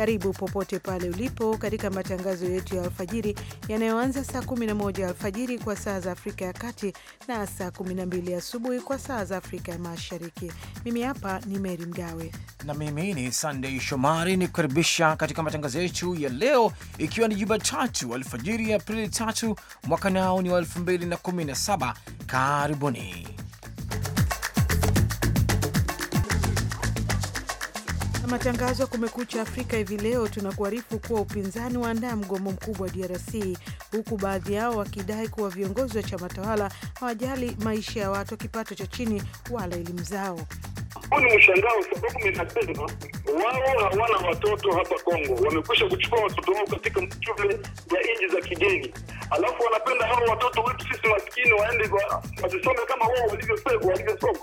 Karibu popote pale ulipo katika matangazo yetu ya alfajiri yanayoanza saa 11 alfajiri kwa saa za Afrika ya Kati na saa 12 asubuhi kwa saa za Afrika ya Mashariki. Mimi hapa ni Meri Mgawe na mimi ni Sandei Shomari ni kukaribisha katika matangazo yetu ya leo, ikiwa ni Jumatatu alfajiri ya Aprili 3 mwaka nao ni wa 2017. Karibuni. matangazo ya Kumekucha Afrika hivi leo tunakuarifu kuwa upinzani waandaa mgomo mkubwa wa DRC, huku baadhi yao wakidai kuwa viongozi wa chama tawala hawajali maisha ya watu wa kipato cha chini wala elimu zao. Huu ni mshangao sababu minasema wao hawana watoto hapa Kongo, wamekwisha kuchukua watoto wao katika shule ya nchi za kigeni, alafu wanapenda hao watoto wetu sisi maskini waende wazisome kama wao walivyosoma.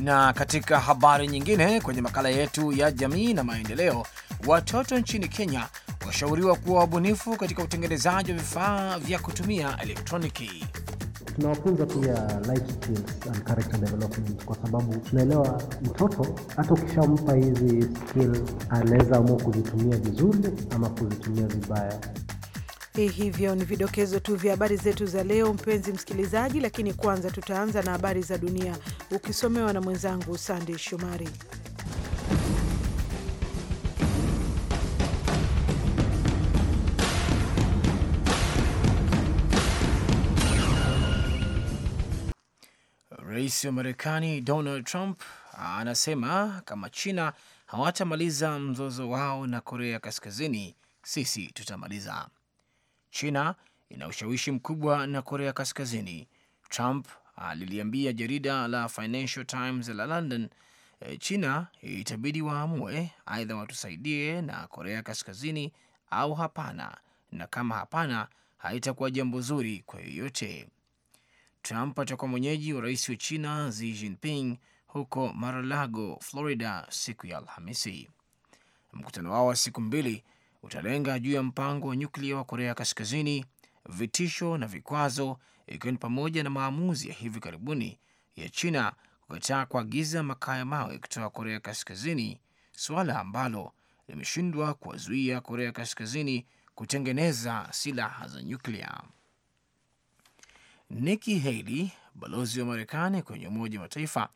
Na katika habari nyingine, kwenye makala yetu ya jamii na maendeleo, watoto nchini Kenya washauriwa kuwa wabunifu katika utengenezaji wa vifaa vya kutumia elektroniki. Tunawafunza pia life skills and character development, kwa sababu tunaelewa mtoto hata ukishampa hizi skill anaweza amua kuzitumia vizuri ama kuzitumia vibaya. Eh, hivyo ni vidokezo tu vya habari zetu za leo, mpenzi msikilizaji, lakini kwanza tutaanza na habari za dunia ukisomewa na mwenzangu Sandey Shomari. Rais wa Marekani Donald Trump anasema kama China hawatamaliza mzozo wao na Korea Kaskazini, sisi tutamaliza. China ina ushawishi mkubwa na Korea Kaskazini, Trump aliliambia jarida la Financial Times la London. Eh, China eh, itabidi waamue, aidha watusaidie na Korea Kaskazini au hapana, na kama hapana, haitakuwa jambo zuri kwa yoyote. Trump atakuwa mwenyeji wa rais wa China Xi Jinping huko Mar-a-Lago, Florida, siku ya Alhamisi. Mkutano wao wa siku mbili utalenga juu ya mpango wa nyuklia wa Korea Kaskazini, vitisho na vikwazo, ikiwa ni pamoja na maamuzi ya hivi karibuni ya China kukataa kuagiza makaa ya mawe kutoka Korea Kaskazini, suala ambalo limeshindwa kuwazuia Korea Kaskazini kutengeneza silaha za nyuklia. Nikki Haley, balozi wa Marekani kwenye Umoja wa Mataifa,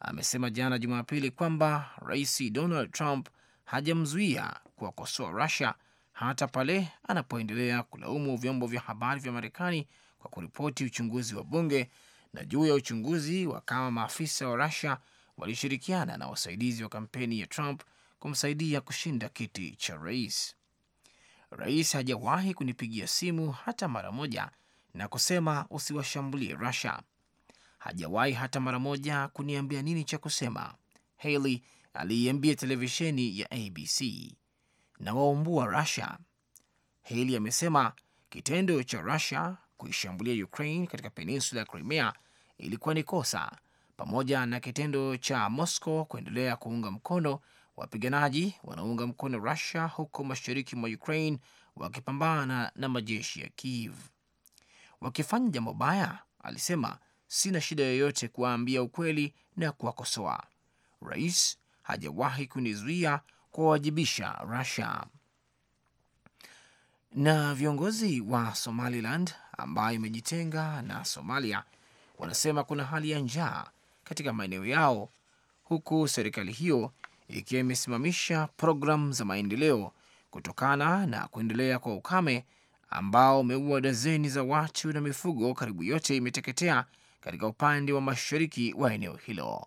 amesema jana Jumapili kwamba Rais Donald Trump hajamzuia kuwakosoa Rusia hata pale anapoendelea kulaumu vyombo vya habari vya Marekani kwa kuripoti uchunguzi wa bunge na juu ya uchunguzi wa kama maafisa wa Rusia walishirikiana na wasaidizi wa kampeni ya Trump kumsaidia kushinda kiti cha rais. Rais hajawahi kunipigia simu hata mara moja na kusema usiwashambulie Rusia. Hajawahi hata mara moja kuniambia nini cha kusema, Haley aliiambia televisheni ya ABC na waumbua Rusia. Haley amesema kitendo cha Rusia kuishambulia Ukraine katika peninsula ya Crimea ilikuwa ni kosa, pamoja na kitendo cha Moscow kuendelea kuunga mkono wapiganaji wanaounga mkono Rusia huko mashariki mwa Ukraine wakipambana na majeshi ya Kiev. Wakifanya jambo baya, alisema, sina shida yoyote kuwaambia ukweli na kuwakosoa. Rais hajawahi kunizuia kuwawajibisha Rusia. Na viongozi wa Somaliland ambayo imejitenga na Somalia wanasema kuna hali ya njaa katika maeneo yao, huku serikali hiyo ikiwa imesimamisha programu za maendeleo kutokana na kuendelea kwa ukame ambao umeua dazeni za watu na mifugo. Karibu yote imeteketea katika upande wa mashariki wa eneo hilo.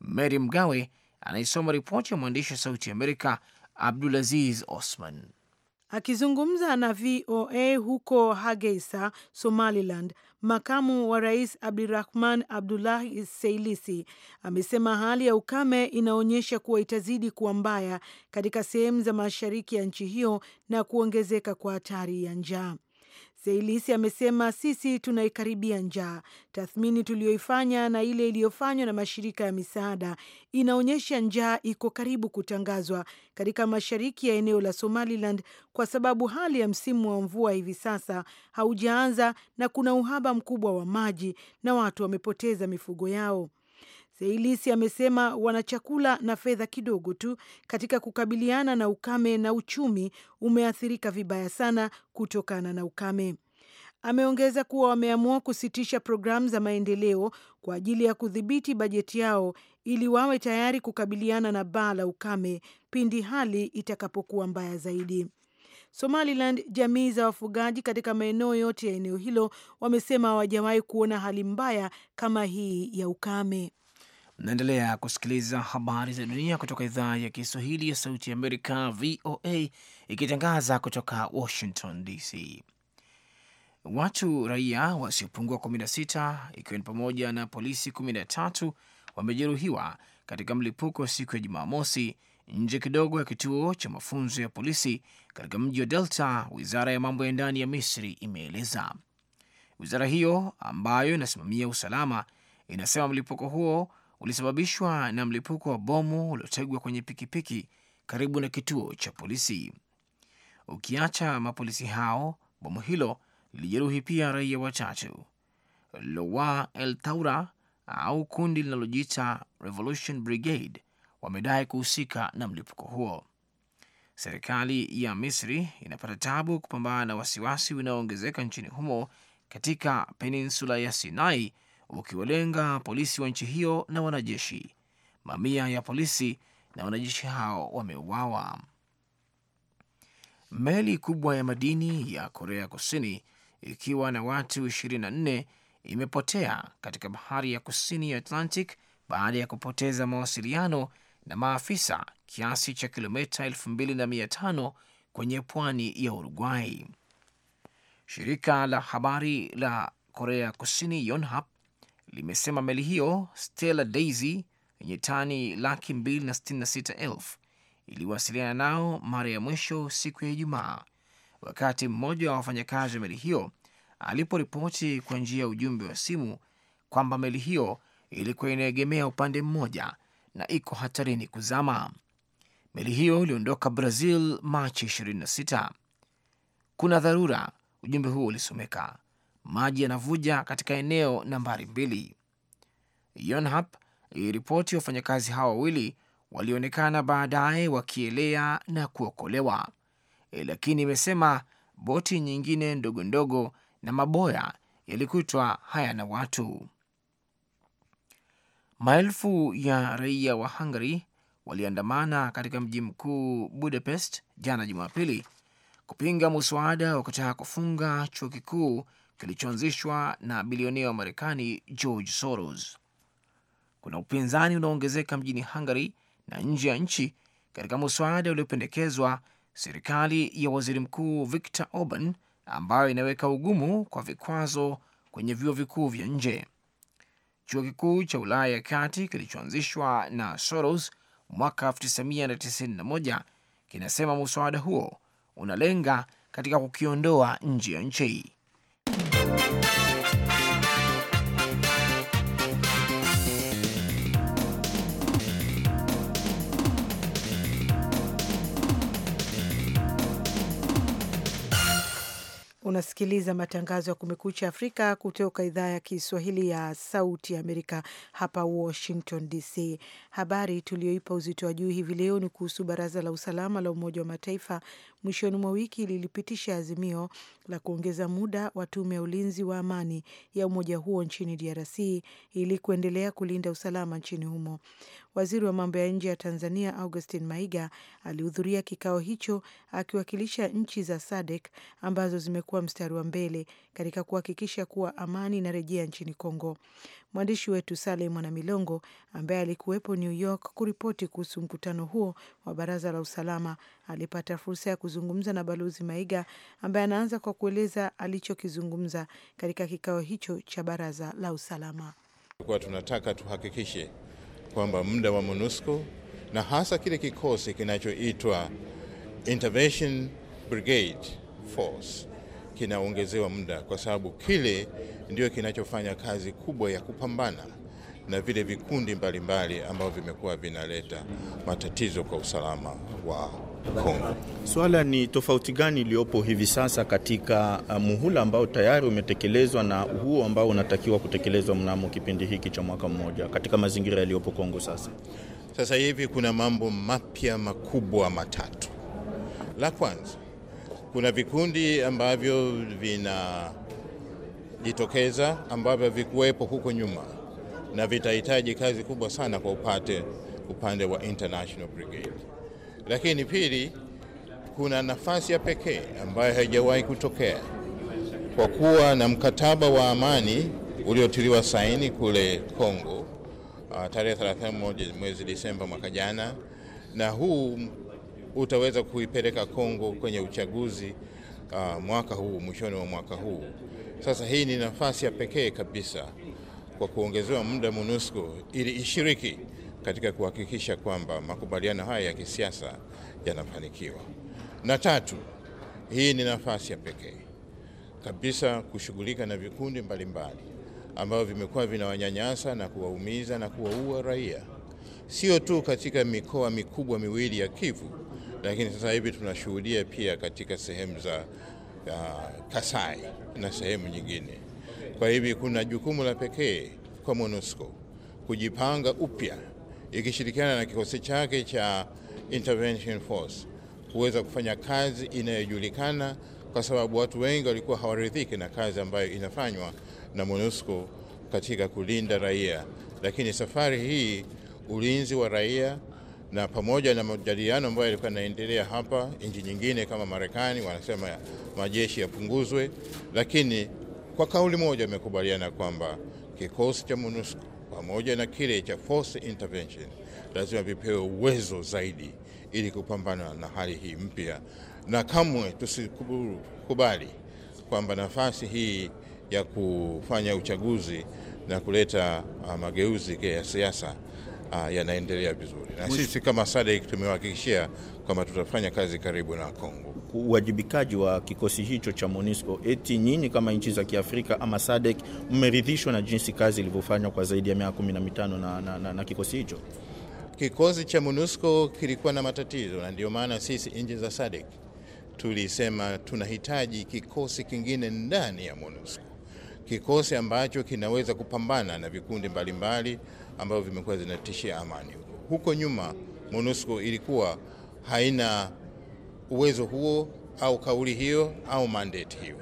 Mary Mgawe anayesoma ripoti ya mwandishi wa Sauti Amerika Abdulaziz Osman. Akizungumza na VOA huko Hageisa, Somaliland, makamu wa rais abdurahman Abdullahi Seilisi amesema hali ya ukame inaonyesha kuwa itazidi kuwa mbaya katika sehemu za mashariki ya nchi hiyo na kuongezeka kwa hatari ya njaa. Seilis amesema sisi tunaikaribia njaa. Tathmini tuliyoifanya na ile iliyofanywa na mashirika ya misaada inaonyesha njaa iko karibu kutangazwa katika mashariki ya eneo la Somaliland kwa sababu hali ya msimu wa mvua hivi sasa haujaanza na kuna uhaba mkubwa wa maji na watu wamepoteza mifugo yao. Seilis amesema wana chakula na fedha kidogo tu katika kukabiliana na ukame na uchumi umeathirika vibaya sana kutokana na ukame. Ameongeza kuwa wameamua kusitisha programu za maendeleo kwa ajili ya kudhibiti bajeti yao ili wawe tayari kukabiliana na baa la ukame pindi hali itakapokuwa mbaya zaidi. Somaliland, jamii za wafugaji katika maeneo yote ya eneo hilo wamesema hawajawahi kuona hali mbaya kama hii ya ukame naendelea kusikiliza habari za dunia kutoka idhaa ya Kiswahili ya Sauti ya Amerika, VOA, ikitangaza kutoka Washington DC. Watu raia wasiopungua 16 ikiwa ni pamoja na polisi 13 wamejeruhiwa katika mlipuko siku ya Jumamosi nje kidogo ya kituo cha mafunzo ya polisi katika mji wa Delta. Wizara ya mambo ya ndani ya Misri imeeleza. Wizara hiyo ambayo inasimamia usalama inasema mlipuko huo ulisababishwa na mlipuko wa bomu uliotegwa kwenye pikipiki karibu na kituo cha polisi. Ukiacha mapolisi hao, bomu hilo lilijeruhi pia raia watatu. Lowa El Taura au kundi linalojiita Revolution Brigade wamedai kuhusika na mlipuko huo. Serikali ya Misri inapata tabu kupambana na wasiwasi unaoongezeka nchini humo katika peninsula ya Sinai ukiwalenga polisi wa nchi hiyo na wanajeshi. Mamia ya polisi na wanajeshi hao wameuawa. Meli kubwa ya madini ya Korea Kusini ikiwa na watu 24 imepotea katika bahari ya kusini ya Atlantic baada ya kupoteza mawasiliano na maafisa kiasi cha kilomita 2500 kwenye pwani ya Uruguay. Shirika la habari la Korea Kusini Yonhap limesema meli hiyo Stella Daisy yenye tani laki mbili na sitini na sita elfu iliwasiliana nao mara ya mwisho siku ya Ijumaa, wakati mmoja wa wafanyakazi wa meli hiyo aliporipoti kwa njia ya ujumbe wa simu kwamba meli hiyo ilikuwa inaegemea upande mmoja na iko hatarini kuzama. Meli hiyo iliondoka Brazil Machi 26. Kuna dharura, ujumbe huo ulisomeka maji yanavuja katika eneo nambari mbili. Yonhap iliripoti wafanyakazi hawa wawili walionekana baadaye wakielea na kuokolewa, eh, lakini imesema boti nyingine ndogo ndogo na maboya yalikutwa hayana watu. Maelfu ya raia wa Hungary waliandamana katika mji mkuu Budapest jana Jumapili kupinga muswada wa kutaka kufunga chuo kikuu kilichoanzishwa na bilionea wa Marekani George Soros. Kuna upinzani unaoongezeka mjini Hungary na nje ya nchi katika muswada uliopendekezwa serikali ya waziri mkuu Viktor Orban, ambayo inaweka ugumu kwa vikwazo kwenye vyuo vikuu vya nje. Chuo kikuu cha Ulaya ya kati kilichoanzishwa na Soros mwaka 1991 kinasema muswada huo unalenga katika kukiondoa nje ya nchi. Unasikiliza matangazo ya Kumekucha Afrika kutoka idhaa ya Kiswahili ya Sauti Amerika hapa Washington DC. Habari tuliyoipa uzito wa juu hivi leo ni kuhusu Baraza la Usalama la Umoja wa Mataifa mwishoni mwa wiki lilipitisha azimio la kuongeza muda wa tume ya ulinzi wa amani ya umoja huo nchini DRC ili kuendelea kulinda usalama nchini humo. Waziri wa mambo ya nje ya Tanzania Augustin Maiga alihudhuria kikao hicho akiwakilisha nchi za SADC ambazo zimekuwa mstari wa mbele katika kuhakikisha kuwa amani inarejea nchini Kongo. Mwandishi wetu Sale Mwana Milongo ambaye alikuwepo New York kuripoti kuhusu mkutano huo wa Baraza la Usalama alipata fursa ya kuzungumza na Balozi Maiga ambaye anaanza kwa kueleza alichokizungumza katika kikao hicho cha Baraza la Usalama. Kwa tunataka tuhakikishe kwamba muda wa MONUSCO na hasa kile kikosi kinachoitwa Intervention Brigade Force kinaongezewa muda, kwa sababu kile ndio kinachofanya kazi kubwa ya kupambana na vile vikundi mbalimbali ambavyo vimekuwa vinaleta matatizo kwa usalama wao. Kongo. Swala ni tofauti gani iliyopo hivi sasa katika uh, muhula ambao tayari umetekelezwa na huo ambao unatakiwa kutekelezwa mnamo kipindi hiki cha mwaka mmoja katika mazingira yaliyopo Kongo sasa? Sasa hivi kuna mambo mapya makubwa matatu. La kwanza, kuna vikundi ambavyo vinajitokeza ambavyo vikuwepo huko nyuma na vitahitaji kazi kubwa sana kwa upate upande wa International Brigade lakini pili, kuna nafasi ya pekee ambayo haijawahi kutokea kwa kuwa na mkataba wa amani uliotiliwa saini kule Kongo ah, tarehe 31 mwezi Disemba mwaka jana, na huu utaweza kuipeleka Kongo kwenye uchaguzi uh, mwaka huu mwishoni wa mwaka huu. Sasa hii ni nafasi ya pekee kabisa kwa kuongezewa muda MONUSCO ili ishiriki katika kuhakikisha kwamba makubaliano haya ya kisiasa yanafanikiwa. Na tatu, hii ni nafasi ya pekee kabisa kushughulika na vikundi mbalimbali ambavyo vimekuwa vinawanyanyasa na kuwaumiza na kuwaua raia, sio tu katika mikoa mikubwa miwili ya Kivu, lakini sasa hivi tunashuhudia pia katika sehemu za uh, Kasai na sehemu nyingine. Kwa hivyo kuna jukumu la pekee kwa MONUSCO kujipanga upya ikishirikiana na kikosi chake cha intervention force kuweza kufanya kazi inayojulikana, kwa sababu watu wengi walikuwa hawaridhiki na kazi ambayo inafanywa na MONUSCO katika kulinda raia. Lakini safari hii ulinzi wa raia na pamoja na majadiliano ambayo yalikuwa yanaendelea hapa, nchi nyingine kama Marekani wanasema majeshi yapunguzwe, lakini kwa kauli moja wamekubaliana kwamba kikosi cha MONUSCO pamoja na kile cha force intervention lazima vipewe uwezo zaidi ili kupambana na hali hii mpya, na kamwe tusikubali kwamba nafasi hii ya kufanya uchaguzi na kuleta uh, mageuzi ya siasa uh, ah, yanaendelea vizuri, na sisi kama SADC tumewahakikishia kwamba tutafanya kazi karibu na Kongo uwajibikaji wa kikosi hicho cha MONUSCO. Eti nyinyi kama nchi za Kiafrika ama SADC mmeridhishwa na jinsi kazi ilivyofanywa kwa zaidi ya miaka kumi na mitano na, na, na, na kikosi hicho? Kikosi cha MONUSCO kilikuwa na matatizo, na ndio maana sisi nchi za SADC tulisema tunahitaji kikosi kingine ndani ya MONUSCO, kikosi ambacho kinaweza kupambana na vikundi mbalimbali ambavyo vimekuwa zinatishia amani. Huko nyuma MONUSCO ilikuwa haina uwezo huo au kauli hiyo au mandate hiyo.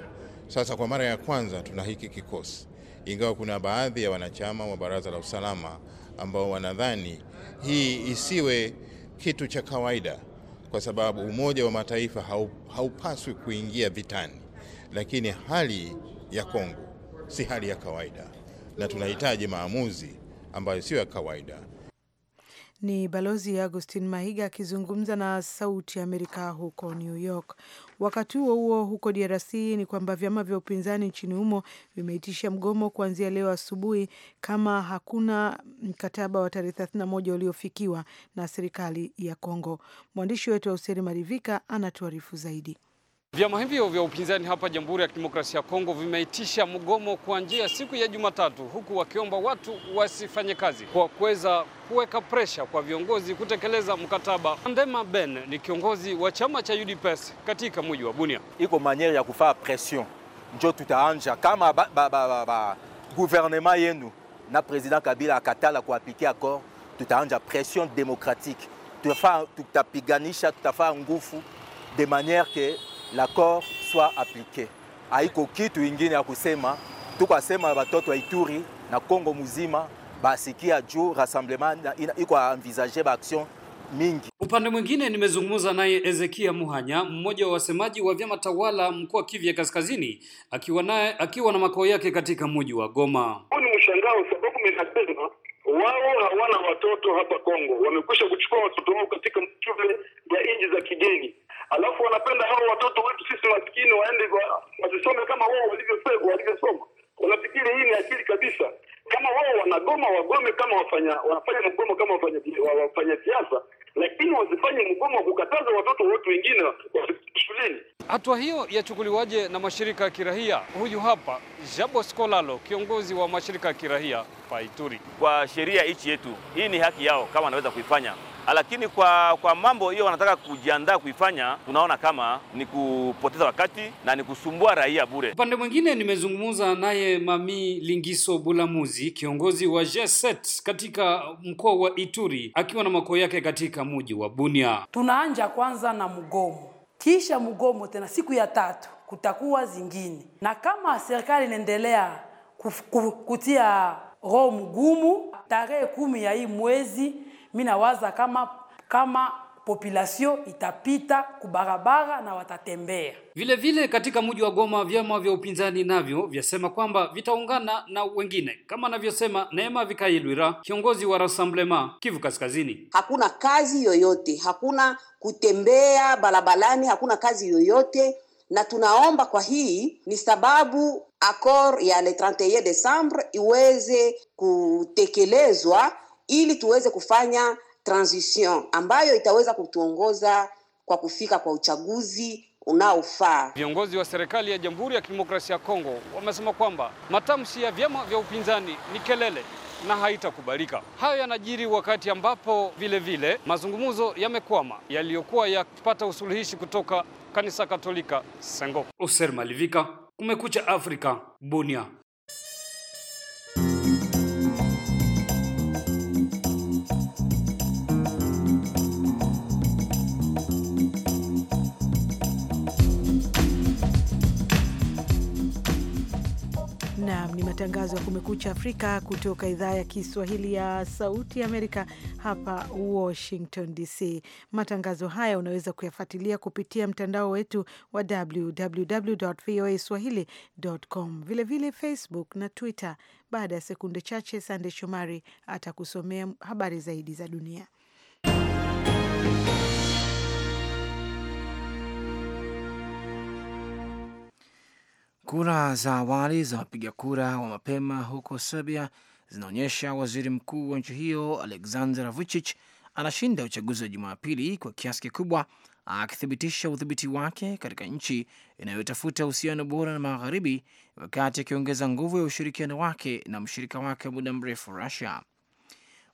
Sasa kwa mara ya kwanza tuna hiki kikosi, ingawa kuna baadhi ya wanachama wa Baraza la Usalama ambao wanadhani hii isiwe kitu cha kawaida, kwa sababu Umoja wa Mataifa haupaswi kuingia vitani, lakini hali ya Kongo si hali ya kawaida na tunahitaji maamuzi ambayo sio ya kawaida. Ni Balozi Agustin Mahiga akizungumza na Sauti ya Amerika huko New York. Wakati huo huo, huko DRC ni kwamba vyama vya upinzani nchini humo vimeitisha mgomo kuanzia leo asubuhi kama hakuna mkataba wa tarehe 31 uliofikiwa na serikali ya congo Mwandishi wetu wa Useri Marivika anatuarifu zaidi. Vyama hivyo vya upinzani hapa Jamhuri ya Kidemokrasia ya Kongo vimeitisha mgomo kuanzia siku ya Jumatatu, huku wakiomba watu wasifanye kazi kwa kuweza kuweka presha kwa viongozi kutekeleza mkataba. Ndema Ben ni kiongozi wa chama cha UDPS katika mji wa Bunia. Iko manyere ya kufaa pression, njo tutaanja kama ba, ba, ba, ba, guvernema yenu na president Kabila akatala kuapike accord, tutaanja pression demokratike tutapiganisha, tutafaa nguvu de maniere ke l'accord soit appliqué. aiko kitu ingine ya kusema, tukasema watoto wa Ituri na Kongo muzima basikia juu rassemblement iko envisager ba action mingi. Upande mwingine nimezungumza naye Ezekia Muhanya, mmoja wa wasemaji wa vyama tawala mkoa Kivu ya Kaskazini, akiwa naye akiwa na makao yake katika mji wa Goma. Huu ni mshangao sababu ninasema wao hawana watoto hapa Kongo, wamekwisha kuchukua watoto wao katika shule ya nchi za kigeni alafu wanapenda hao watoto wetu sisi maskini waende wasisome kama wao walivyosema walivyosoma. Wanafikiri hii ni akili kabisa. Kama wao wanagoma wagome, kama wafanya wanafanya mgomo kama wafanya wafanya siasa, lakini wasifanye mgomo wa kukataza watoto wote wengine shuleni. Hatua hiyo yachukuliwaje na mashirika ya kirahia? Huyu hapa Jabo Skolalo, kiongozi wa mashirika ya kirahia paituri Kwa sheria hichi yetu, hii ni haki yao, kama wanaweza kuifanya Ah, lakini kwa, kwa mambo hiyo wanataka kujiandaa kuifanya, tunaona kama ni kupoteza wakati na ni kusumbua raia bure. Upande mwingine, nimezungumza naye Mami Lingiso Bulamuzi, kiongozi wa jeset katika mkoa wa Ituri, akiwa na makao yake katika mji wa Bunia. Tunaanja kwanza na mgomo, kisha mgomo tena siku ya tatu kutakuwa zingine, na kama serikali inaendelea kutia roho mgumu, tarehe kumi ya hii mwezi mi nawaza kama kama populasio itapita kubarabara na watatembea vile vile. Katika mji wa Goma, vyama vya upinzani navyo vyasema kwamba vitaungana na wengine, kama anavyosema Neema Vikailwira, kiongozi wa Rassemblement Kivu Kaskazini. Hakuna kazi yoyote, hakuna kutembea barabarani, hakuna kazi yoyote, na tunaomba kwa hii ni sababu akor ya le 31 Desembre iweze kutekelezwa ili tuweze kufanya transition ambayo itaweza kutuongoza kwa kufika kwa uchaguzi unaofaa. Viongozi wa serikali ya Jamhuri ya Kidemokrasia ya Kongo wamesema kwamba matamshi ya vyama vya upinzani ni kelele na haitakubalika. Hayo yanajiri wakati ambapo vilevile vile, mazungumzo yamekwama yaliyokuwa yakipata usuluhishi kutoka kanisa Katolika Sengo. Oser Malivika, Kumekucha Afrika, Bunia. ni matangazo ya Kumekucha Afrika kutoka idhaa ya Kiswahili ya Sauti Amerika hapa Washington DC. Matangazo haya unaweza kuyafuatilia kupitia mtandao wetu wa www voa swahili.com, vilevile Facebook na Twitter. Baada ya sekunde chache, Sande Shomari atakusomea habari zaidi za dunia. Kura za awali za wapiga kura wa mapema huko Serbia zinaonyesha waziri mkuu wa nchi hiyo Aleksandar Vucic anashinda uchaguzi wa Jumapili kwa kiasi kikubwa, akithibitisha udhibiti wake katika nchi inayotafuta uhusiano bora na Magharibi, wakati akiongeza nguvu ya ushirikiano wake na mshirika wake wa muda mrefu Rusia.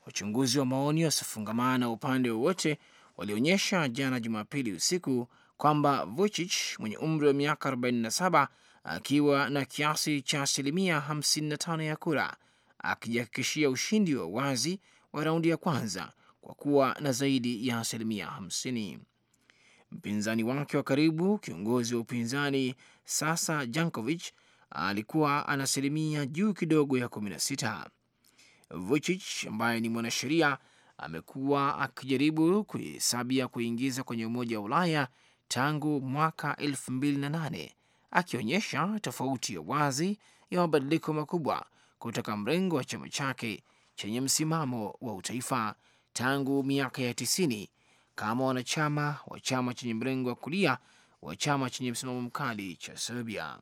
Wachunguzi wa maoni wasiofungamana upande wowote walionyesha jana Jumapili usiku kwamba Vucic mwenye umri wa miaka 47 akiwa na kiasi cha asilimia 55 ya kura, akijihakikishia ushindi wa wazi wa raundi ya kwanza kwa kuwa na zaidi ya asilimia 50. Mpinzani wake wa karibu, kiongozi wa upinzani sasa Jankovic, alikuwa ana asilimia juu kidogo ya 16. Vucic ambaye ni mwanasheria amekuwa akijaribu kuhesabia kuingiza kwenye Umoja wa Ulaya tangu mwaka 2008 akionyesha tofauti ya wazi ya mabadiliko makubwa kutoka mrengo wa chama chake chenye msimamo wa utaifa tangu miaka ya tisini kama wanachama wa chama chenye mrengo wa kulia wa chama chenye msimamo mkali cha Serbia.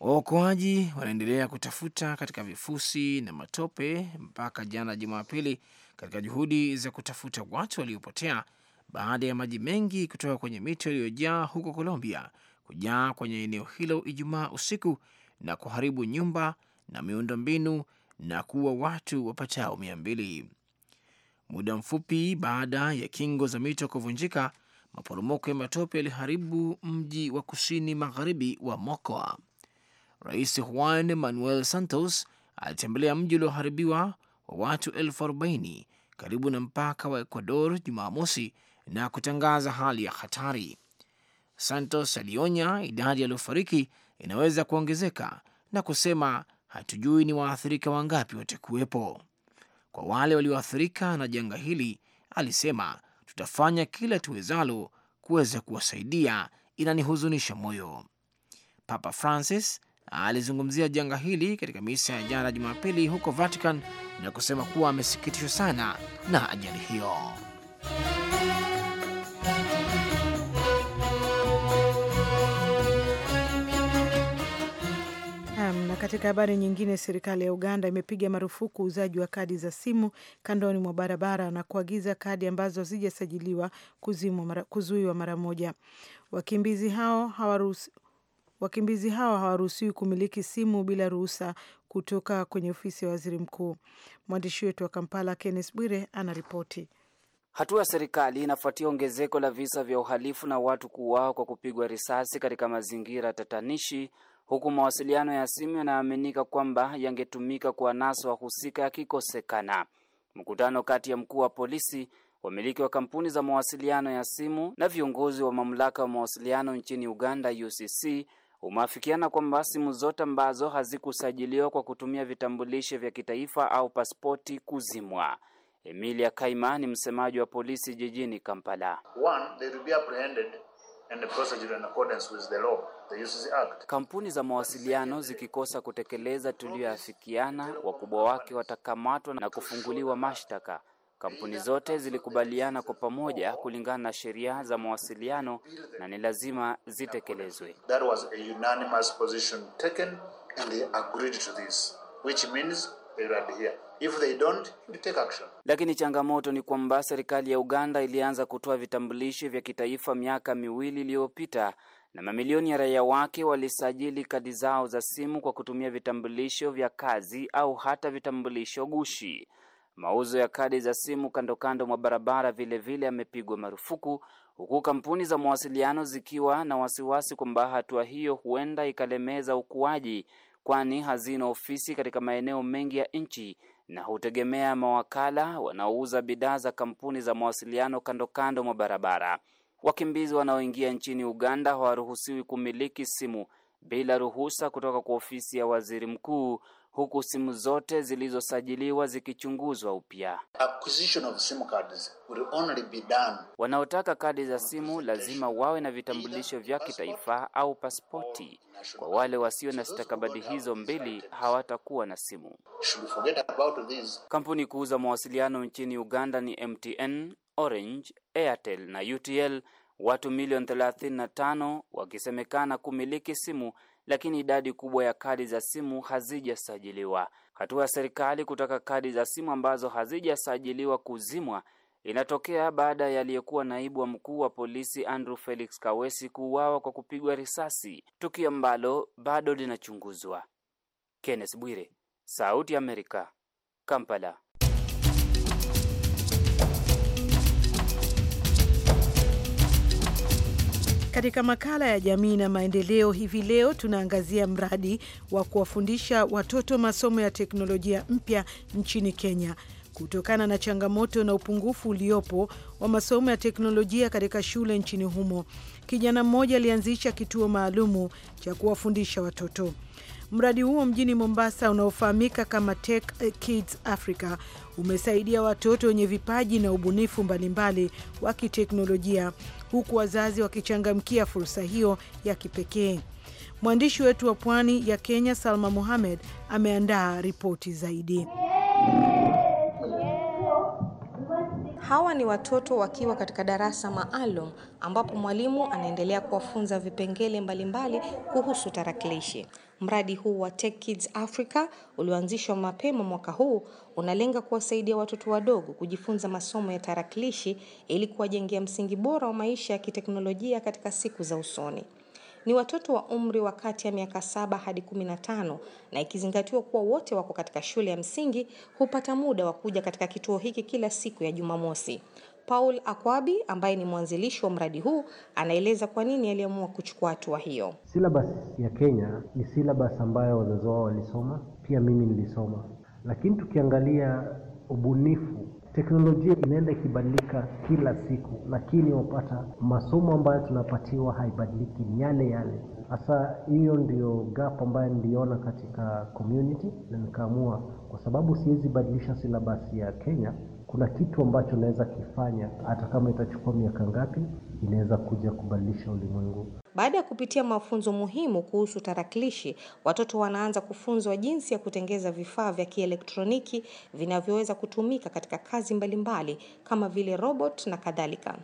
Waokoaji wanaendelea kutafuta katika vifusi na matope mpaka jana Jumapili katika juhudi za kutafuta watu waliopotea baada ya maji mengi kutoka kwenye mito iliyojaa huko Colombia kujaa kwenye eneo hilo Ijumaa usiku na kuharibu nyumba na miundombinu na kuua watu wapatao mia mbili. Muda mfupi baada ya kingo za mito kuvunjika, maporomoko ya matope yaliharibu mji wa kusini magharibi wa Mocoa. Rais Juan Manuel Santos alitembelea mji ulioharibiwa wa watu elfu arobaini karibu na mpaka wa Ecuador jumaa mosi na kutangaza hali ya hatari. Santos alionya idadi yaliyofariki inaweza kuongezeka na kusema hatujui ni waathirika wangapi watakuwepo. Kwa wale walioathirika na janga hili, alisema tutafanya kila tuwezalo kuweza kuwasaidia. Inanihuzunisha moyo. Papa Francis alizungumzia janga hili katika misa ya jana Jumapili huko Vatican na kusema kuwa amesikitishwa sana na ajali hiyo. Nam. Na katika habari nyingine, serikali ya Uganda imepiga marufuku uuzaji wa kadi za simu kandoni mwa barabara na kuagiza kadi ambazo hazijasajiliwa kuzuiwa mara moja. Wakimbizi hao hawaruhusi wakimbizi hao hawaruhusiwi kumiliki simu bila ruhusa kutoka kwenye ofisi ya waziri mkuu. Mwandishi wetu wa Kampala, Kenneth Bwire, anaripoti. Hatua ya serikali inafuatia ongezeko la visa vya uhalifu na watu kuuawa kwa kupigwa risasi katika mazingira tatanishi huku mawasiliano ya simu yanayoaminika kwamba yangetumika kuwanasa wahusika yakikosekana. Mkutano kati ya mkuu wa polisi, wamiliki wa kampuni za mawasiliano ya simu na viongozi wa mamlaka ya mawasiliano nchini Uganda UCC umeafikiana kwamba simu zote ambazo hazikusajiliwa kwa kutumia vitambulisho vya kitaifa au pasipoti kuzimwa. Emilia Kaima ni msemaji wa polisi jijini Kampala. One, they will be apprehended and prosecuted in accordance with the law. Kampuni za mawasiliano zikikosa kutekeleza tuliyoafikiana, wakubwa wake watakamatwa na kufunguliwa mashtaka. Kampuni zote zilikubaliana kwa pamoja kulingana na sheria za mawasiliano na ni lazima zitekelezwe. Lakini changamoto ni kwamba serikali ya Uganda ilianza kutoa vitambulishi vya kitaifa miaka miwili iliyopita na mamilioni ya raia wake walisajili kadi zao za simu kwa kutumia vitambulisho vya kazi au hata vitambulisho gushi. Mauzo ya kadi za simu kando kando mwa barabara vilevile yamepigwa marufuku, huku kampuni za mawasiliano zikiwa na wasiwasi kwamba hatua hiyo huenda ikalemeza ukuaji, kwani hazina ofisi katika maeneo mengi ya nchi na hutegemea mawakala wanaouza bidhaa za kampuni za mawasiliano kando kando mwa barabara. Wakimbizi wanaoingia nchini Uganda hawaruhusiwi kumiliki simu bila ruhusa kutoka kwa ofisi ya waziri mkuu, huku simu zote zilizosajiliwa zikichunguzwa upya. Wanaotaka kadi za simu lazima wawe na vitambulisho vya kitaifa au pasipoti. Kwa wale wasio na stakabadhi hizo mbili, hawatakuwa na simu. Kampuni kuu za mawasiliano nchini Uganda ni MTN, Orange, Airtel na UTL, watu milioni 35 wakisemekana kumiliki simu, lakini idadi kubwa ya kadi za simu hazijasajiliwa. Hatua ya serikali kutaka kadi za simu ambazo hazijasajiliwa kuzimwa inatokea baada ya aliyekuwa naibu wa mkuu wa polisi Andrew Felix Kawesi kuuawa kwa kupigwa risasi, tukio ambalo bado linachunguzwa. Kenneth Bwire, Sauti ya Amerika, Kampala. Katika makala ya jamii na maendeleo hivi leo tunaangazia mradi wa kuwafundisha watoto masomo ya teknolojia mpya nchini Kenya kutokana na changamoto na upungufu uliopo wa masomo ya teknolojia katika shule nchini humo. Kijana mmoja alianzisha kituo maalumu cha kuwafundisha watoto. Mradi huo mjini Mombasa unaofahamika kama Tech Kids Africa umesaidia watoto wenye vipaji na ubunifu mbalimbali wa kiteknolojia huku wazazi wakichangamkia fursa hiyo ya kipekee. Mwandishi wetu wa pwani ya Kenya, Salma Mohamed, ameandaa ripoti zaidi. Hawa ni watoto wakiwa katika darasa maalum ambapo mwalimu anaendelea kuwafunza vipengele mbalimbali kuhusu tarakilishi. Mradi huu wa Tech Kids Africa ulioanzishwa mapema mwaka huu unalenga kuwasaidia watoto wadogo kujifunza masomo ya tarakilishi ili kuwajengea msingi bora wa maisha ya kiteknolojia katika siku za usoni. Ni watoto wa umri wa kati ya miaka saba hadi kumi na tano na ikizingatiwa kuwa wote wako katika shule ya msingi hupata muda wa kuja katika kituo hiki kila siku ya Jumamosi. Paul Akwabi ambaye ni mwanzilishi wa mradi huu anaeleza kwa nini aliamua kuchukua hatua hiyo. silabas ya Kenya ni silabas ambayo wazazi wao walisoma, pia mimi nilisoma, lakini tukiangalia ubunifu teknolojia inaenda ikibadilika kila siku, lakini wapata masomo ambayo tunapatiwa haibadiliki, ni yale yale. Hasa hiyo ndio gap ambayo niliona katika community, na nikaamua kwa sababu siwezi badilisha silabasi ya Kenya, kuna kitu ambacho unaweza kifanya, hata kama itachukua miaka ngapi, inaweza kuja kubadilisha ulimwengu. Baada ya kupitia mafunzo muhimu kuhusu tarakilishi, watoto wanaanza kufunzwa jinsi ya kutengeza vifaa vya kielektroniki vinavyoweza kutumika katika kazi mbalimbali kama vile robot na kadhalika.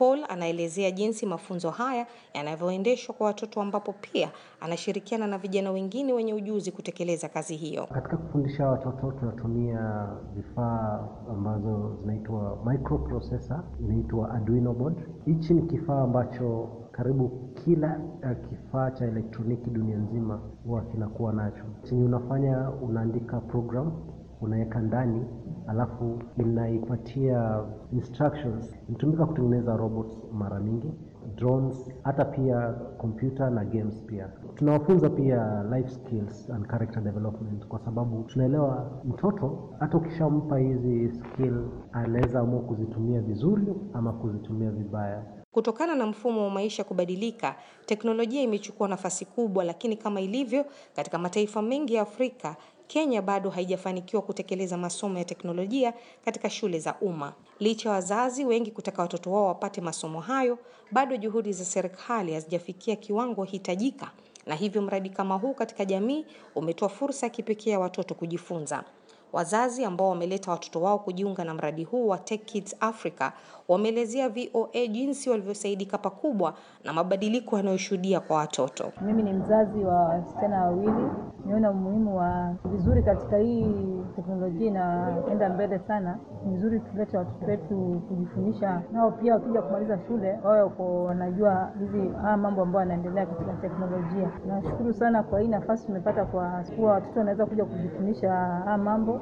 Paul anaelezea jinsi mafunzo haya yanavyoendeshwa kwa watoto ambapo pia anashirikiana na vijana wengine wenye ujuzi kutekeleza kazi hiyo. Katika kufundisha watoto tunatumia vifaa ambazo zinaitwa microprocessor, inaitwa Arduino board. Hichi ni kifaa ambacho karibu kila eh, kifaa cha elektroniki dunia nzima huwa kinakuwa nacho. Chenye unafanya unaandika program unaweka ndani, alafu inaipatia instructions. Inatumika kutengeneza robots mara mingi drones, hata pia kompyuta na games pia. Tunawafunza pia life skills and character development, kwa sababu tunaelewa mtoto hata ukishampa hizi skill anaweza amua kuzitumia vizuri ama kuzitumia vibaya. Kutokana na mfumo wa maisha kubadilika, teknolojia imechukua nafasi kubwa lakini kama ilivyo katika mataifa mengi ya Afrika, Kenya bado haijafanikiwa kutekeleza masomo ya teknolojia katika shule za umma. Licha ya wazazi wengi kutaka watoto wao wapate masomo hayo, bado juhudi za serikali hazijafikia kiwango hitajika na hivyo mradi kama huu katika jamii umetoa fursa ya kipekee ya watoto kujifunza. Wazazi ambao wameleta watoto wao kujiunga na mradi huu wa Tech Kids Africa wameelezea VOA jinsi walivyosaidika pakubwa na mabadiliko yanayoshuhudia kwa watoto. Mimi ni mzazi wa wasichana wawili, niona umuhimu wa vizuri katika hii teknolojia inaenda mbele sana. Ni vizuri tulete watoto wetu kujifundisha nao, pia wakija kumaliza shule wawe wako wanajua hizi haya mambo ambayo yanaendelea katika teknolojia. Nashukuru sana kwa hii nafasi tumepata, kwa kuwa watoto wanaweza kuja kujifundisha haya mambo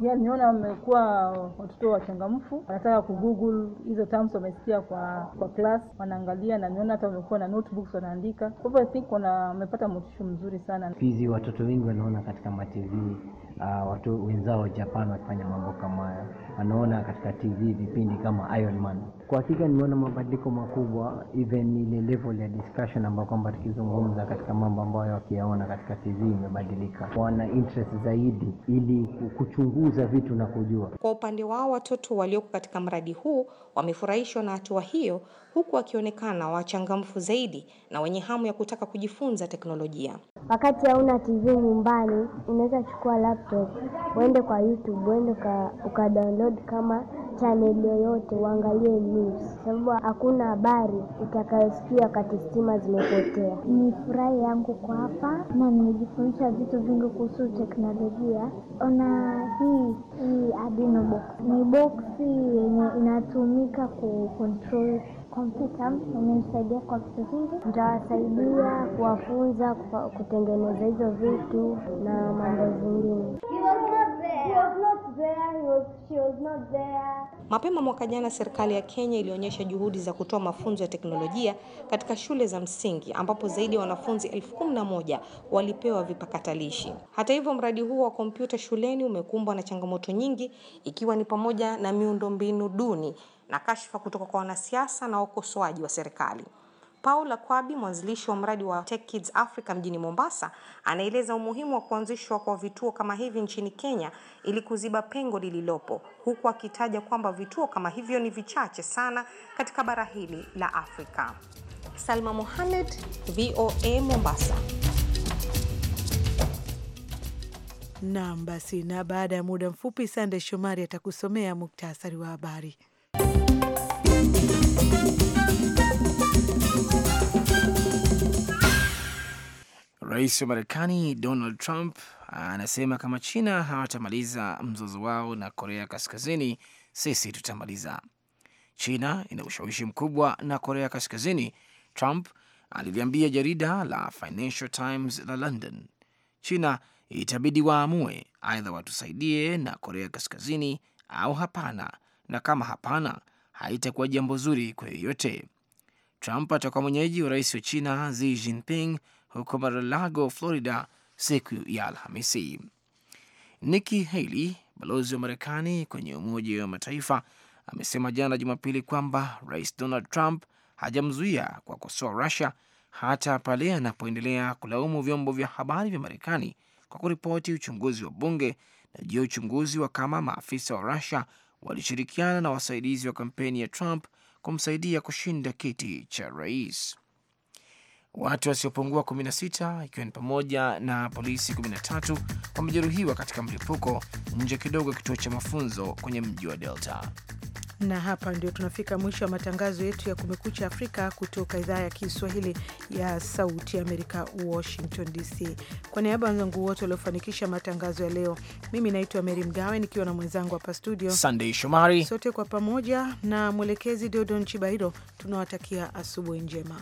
pia niona wamekuwa watoto wachangamfu, wanataka kugoogle hizo terms wamesikia kwa kwa class, wanaangalia na niona hata wamekuwa na notebooks wanaandika. Kwa hivyo I think wamepata motisho mzuri sana. Fizi watoto wengi wanaona katika ma uh, watu wenzao Japan wakifanya mambo kama hayo, wanaona katika TV vipindi kama Iron Man. Kwa hakika nimeona mabadiliko makubwa, even ile level ya discussion ambayo kwamba tukizungumza katika mambo ambayo wakiyaona katika TV imebadilika, wana interest zaidi ili kuchunguza vitu na kujua. Kwa upande wao, watoto walioko katika mradi huu wamefurahishwa na hatua hiyo huku wakionekana wachangamfu zaidi na wenye hamu ya kutaka kujifunza teknolojia. Wakati hauna TV nyumbani, unaweza chukua laptop, uende kwa YouTube, uende ukadownload kama chaneli yoyote uangalie news, sababu hakuna habari utakayosikia wakati stima zimepotea. Ni furaha yangu kwa hapa na nimejifunza vitu vingi kuhusu teknolojia. Ona hii hii Arduino box ni boksi yenye inatumika kucontrol kompyuta wamenisaidia kwa vitu vingi, nitawasaidia kuwafunza kutengeneza hizo vitu na mambo zingine. Mapema mwaka jana serikali ya Kenya ilionyesha juhudi za kutoa mafunzo ya teknolojia katika shule za msingi ambapo zaidi ya wanafunzi elfu kumi na moja walipewa vipakatalishi. Hata hivyo, mradi huo wa kompyuta shuleni umekumbwa na changamoto nyingi ikiwa ni pamoja na miundombinu duni na kashfa kutoka kwa wanasiasa na wakosoaji wa serikali. Paula Kwabi, mwanzilishi wa mradi wa Tech Kids Africa mjini Mombasa, anaeleza umuhimu wa kuanzishwa kwa vituo kama hivi nchini Kenya ili kuziba pengo lililopo, huku akitaja kwamba vituo kama hivyo ni vichache sana katika bara hili la Afrika. Salma Mohamed, VOA Mombasa. Naam, basi na baada ya muda mfupi Sande Shomari atakusomea muktasari wa habari. Rais wa Marekani Donald Trump anasema kama China hawatamaliza mzozo wao na Korea Kaskazini, sisi tutamaliza. China ina ushawishi mkubwa na Korea Kaskazini, Trump aliliambia jarida la Financial Times la London. China itabidi waamue, aidha watusaidie na Korea Kaskazini au hapana, na kama hapana, haitakuwa jambo zuri kwa yoyote. Trump atakuwa mwenyeji wa rais wa China Xi Jinping huko Mar-a-Lago, Florida siku ya Alhamisi. Nikki Haley, balozi wa Marekani kwenye Umoja wa Mataifa, amesema jana Jumapili kwamba Rais Donald Trump hajamzuia kosoa Rusia hata pale anapoendelea kulaumu vyombo vya habari vya Marekani kwa kuripoti uchunguzi wa bunge na juu ya uchunguzi wa kama maafisa wa Rusia walishirikiana na wasaidizi wa kampeni ya Trump kumsaidia kushinda kiti cha rais. Watu wasiopungua 16 ikiwa ni pamoja na polisi 13 wamejeruhiwa katika mlipuko nje kidogo kituo cha mafunzo kwenye mji wa Delta. Na hapa ndio tunafika mwisho wa matangazo yetu ya Kumekucha Afrika kutoka idhaa ya Kiswahili ya Sauti Amerika, Washington DC. Kwa niaba wenzangu wote waliofanikisha matangazo ya leo, mimi naitwa Meri Mgawe nikiwa na mwenzangu hapa studio Sandei Shomari, sote kwa pamoja na mwelekezi nchi Chibahiro tunawatakia asubuhi njema.